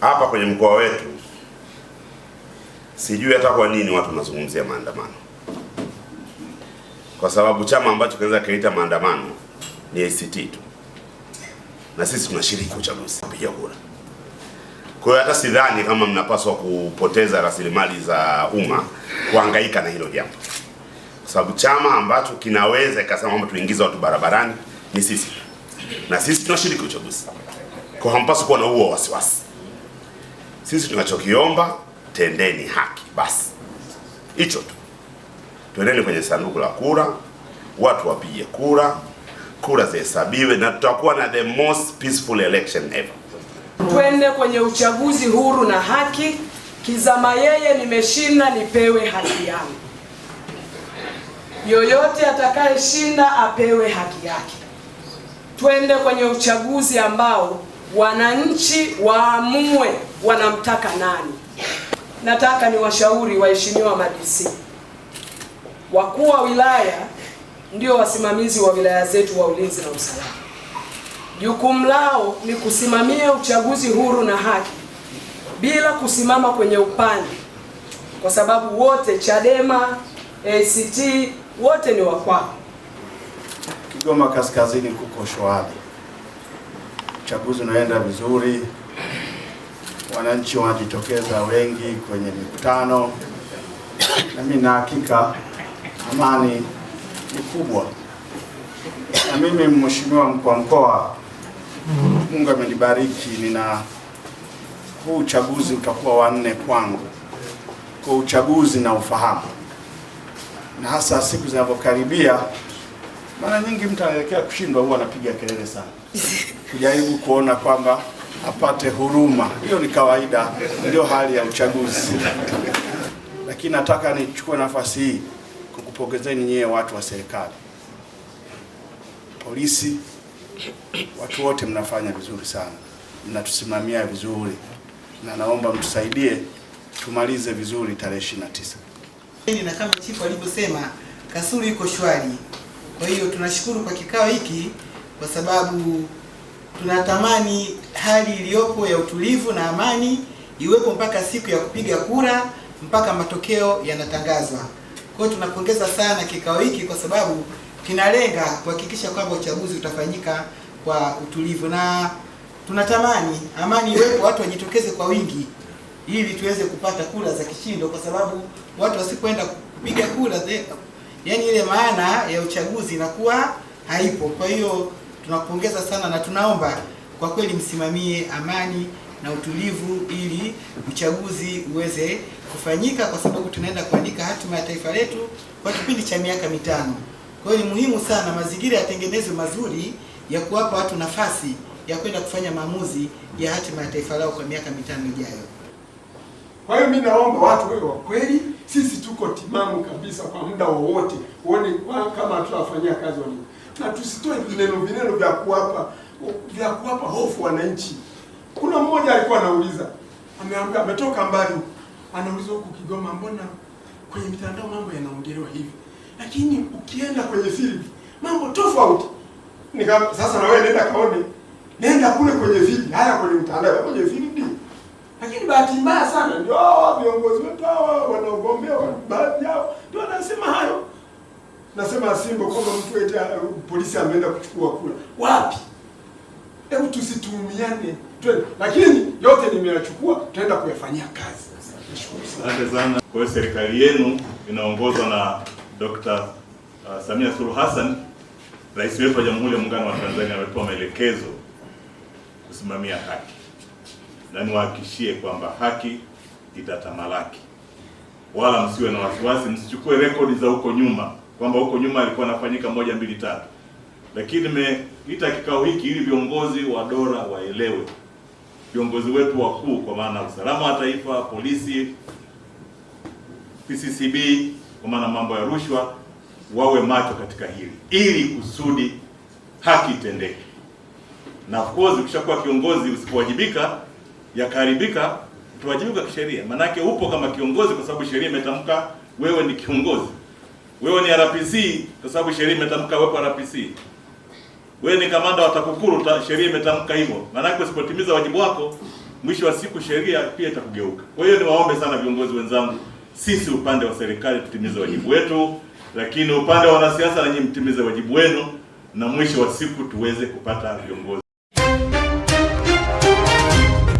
hapa kwenye mkoa wetu, sijui hata kwa nini watu wanazungumzia maandamano, kwa sababu chama ambacho kinaweza kaita maandamano ni ACT tu, na sisi tunashiriki uchaguzi, kupiga kura. Kwa hiyo hata sidhani kama mnapaswa kupoteza rasilimali za umma kuhangaika na hilo jambo, kwa sababu chama ambacho kinaweza ikasema kwamba tuingize watu barabarani ni sisi, na sisi tunashiriki uchaguzi, kwa hampaswa kuwa na huo wasiwasi. Sisi tunachokiomba tendeni haki basi, hicho tu. tuendeni kwenye sanduku la kura, watu wapige kura, kura zihesabiwe na tutakuwa na the most peaceful election ever. Twende kwenye uchaguzi huru na haki. Kizama yeye nimeshinda, nipewe haki yangu. Yoyote atakayeshinda apewe haki yake. Twende kwenye uchaguzi ambao wananchi waamue wanamtaka nani. Nataka ni washauri waheshimiwa madisi, wakuu wa wilaya ndio wasimamizi wa wilaya zetu wa ulinzi na usalama. Jukumu lao ni kusimamia uchaguzi huru na haki bila kusimama kwenye upande, kwa sababu wote Chadema, ACT, wote ni wakwao. Kigoma Kaskazini kuko shwari uchaguzi unaenda vizuri, wananchi wanajitokeza wengi kwenye mikutano, nami na hakika amani ni kubwa. Na mimi mheshimiwa mkuu wa mkoa, Mungu amenibariki, nina huu uchaguzi utakuwa wa nne kwangu, kwa uchaguzi na ufahamu, na hasa siku zinavyokaribia mara nyingi mtu anaelekea kushindwa huwa anapiga kelele sana kujaribu kuona kwamba apate huruma. Hiyo ni kawaida, ndio hali ya uchaguzi. Lakini nataka nichukue nafasi hii kukupongezeni nyie watu wa serikali, polisi, watu wote, mnafanya vizuri sana, mnatusimamia vizuri, na naomba mtusaidie tumalize vizuri tarehe 29 na kama chifu alivyosema, kasuru iko shwari. Kwa hiyo tunashukuru kwa kikao hiki kwa sababu tunatamani hali iliyopo ya utulivu na amani iwepo mpaka siku ya kupiga kura mpaka matokeo yanatangazwa. Kwa hiyo tunapongeza sana kikao hiki kwa sababu kinalenga kuhakikisha kwamba uchaguzi utafanyika kwa utulivu, na tunatamani amani iwepo, watu wajitokeze kwa wingi ili tuweze kupata kura za kishindo, kwa sababu watu wasipoenda kupiga kura yani ile maana ya uchaguzi inakuwa haipo. Kwa hiyo tunakupongeza sana na tunaomba kwa kweli msimamie amani na utulivu ili uchaguzi uweze kufanyika, kwa sababu tunaenda kuandika hatima ya taifa letu kwa kipindi cha miaka mitano. Kwa hiyo ni muhimu sana mazingira yatengenezwe mazuri ya kuwapa watu nafasi ya kwenda kufanya maamuzi ya hatima ya taifa lao kwa miaka mitano ijayo. Kwa hiyo mimi naomba watu wewe wa kweli sisi tuko timamu kabisa kwa muda wowote, uone kama hatutafanyia kazi walimu, na tusitoe vineno vineno vya kuwapa vya kuwapa hofu wananchi. Kuna mmoja alikuwa anauliza, ameamka ametoka mbali, anauliza huku Kigoma, mbona kwenye mitandao mambo yanaongelewa hivi, lakini ukienda kwenye field mambo tofauti. Nika sasa, na wewe nenda kaone, nenda kule kwenye field, haya kwenye mtandao kwenye field lakini bahati mbaya sana ndio viongozi wetu hao wanaogombea baadhi yao ndio wanasema hayo. Nasema Simba kwamba mtu eti uh, polisi ameenda kuchukua kula wapi? Hebu tusitumiane twende, lakini yote nimeyachukua, tutaenda kuyafanyia kazi. Asante sana. Kwa hiyo serikali yenu inaongozwa na Dr. uh, Samia Suluhu Hassan, rais wetu wa Jamhuri ya Muungano wa Tanzania, ametoa maelekezo kusimamia haki na niwahakishie kwamba haki itatamalaki, wala msiwe na wasiwasi, msichukue rekodi za huko nyuma kwamba huko nyuma alikuwa anafanyika moja mbili tatu. Lakini nimeita kikao hiki ili viongozi wa dola waelewe, viongozi wetu wakuu, kwa maana usalama wa taifa, polisi, PCCB, kwa maana mambo ya rushwa, wawe macho katika hili ili kusudi haki itendeke. Na of course ukishakuwa kiongozi usipowajibika yakaharibika, tuwajibika kisheria, manake upo kama kiongozi, kwa sababu sheria imetamka wewe ni kiongozi. Wewe ni RPC kwa sababu sheria imetamka wewe kwa RPC. Wewe ni kamanda wa TAKUKURU, sheria imetamka hivyo. Maanake usipotimiza wajibu wako, mwisho wa siku sheria pia itakugeuka. Kwa hiyo niwaombe sana viongozi wenzangu, sisi upande wa serikali tutimize wajibu wetu, lakini upande wa wanasiasa, nanyi mtimize wajibu wenu, na mwisho wa siku tuweze kupata viongozi